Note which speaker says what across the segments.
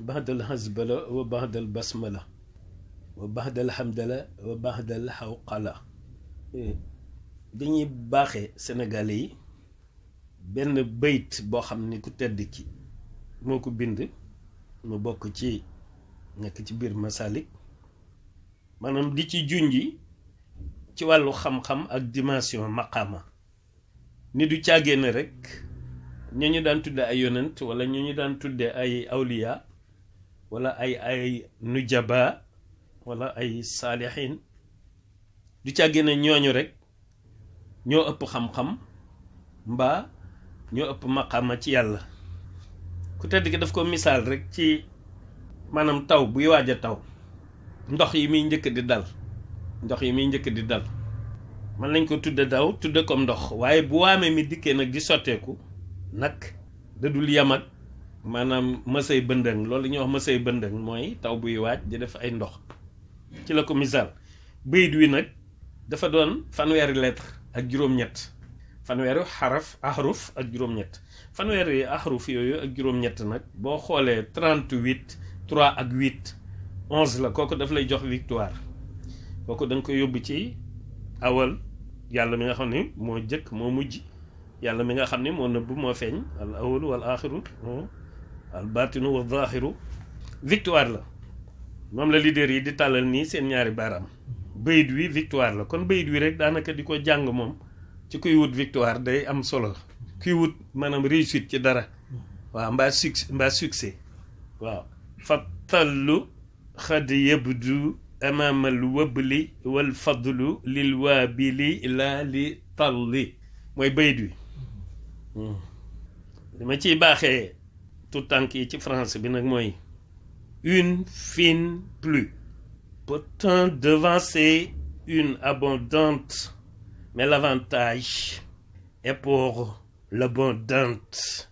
Speaker 1: baxdal xasbala wa baxdal basmala wa baxdal xamdala wa baxdal xawqala dañuy baaxe senegal yi benn bayt boo xam ni ku tedd ki moo ko bind mu bokk ci nekk ci biir masalik maanaam di ci junji ci wàllu xam-xam ak dimension maqaama ni du càggee na rek ñoo ñu daan tudde ay yonent wala ñu ñu daan tuddee ay awliya wala ay ay nujaba wala ay salihin. du tiagne ne ñooñu rek ño upp xam-xam mba ño upp maqama ci yalla ku tedd gi daf ko misal rek ci manam taw bu waaj taw ndox yi mi ñëk di dal ndox yi mi ñëk di dal man lañ ko tudde daw tudde comme ndox waye bu waamee mi dikke nak di soteku nak da dul maanaam mësay bëndëng loolu la ñuy wax mësay bëndëng mooy taw buy waaj di def ay ndox ci la ko misaal bayit wi nag dafa doon fanweeri lettre ak juróom-ñett fanweeri ak juróom-ñett fanweeri ahruf ak juróom nag boo xoolee trente-huit trois ak huit onze la kooku daf lay jox victoire kooku da nga koy yóbbu ci awal yàlla mi nga xam ne moo jëkk moo mujj yàlla mi nga xam ni moo nëbb moo feeñ al awal wal aaxiru al batinu wa zahiru victoire la moom la lider yi di tàllal nii seen ñaari baaraam bayit wi victoire la kon bayit wi rek daanaka di ko jàng moom ci kuy wut victoire day am solo kuy wut maanaam réussite ci dara waaw mbaa suc mbaa succès waaw fa tallu xad yabdu amaamal wabli wal fadlu lil waabili laa li talli mooy bayit wi hmm. li ma ciy baaxee tout en qui France bien une fine pluie pourtant devancer une abondante mais l'avantage est pour l'abondante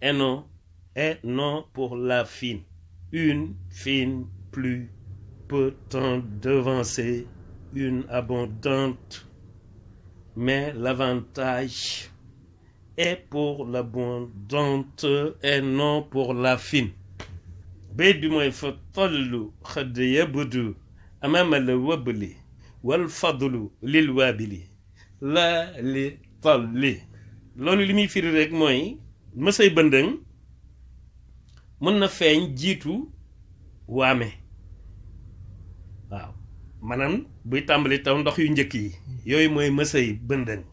Speaker 1: et non et non pour la fine une fine pluie pourtant devancer une abondante mais l'avantage et pour l'abondante et non pour la fine. Baby moi fatalu khadiya budu amam al wabli wal fadlu lil wabli la li talli lolou limi firi rek moy mesey bendeng mën na feñ jitu wame waaw manam buy tambali taw ndox yu ñëk yi yoy moy mesey bendeng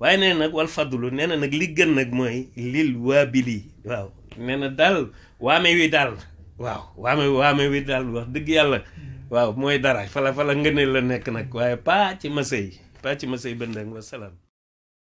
Speaker 1: waaye nee nag wal fadlu nee na nag li gën nag mooy lil waabili waaw nee na daal waame wi daal waaw waame waame wi daal wax dëgg yàlla waaw mooy dara fala fala ngëneel la nekk nag waaye paa ci masa yi paa ci masa yi bëndang wasalaam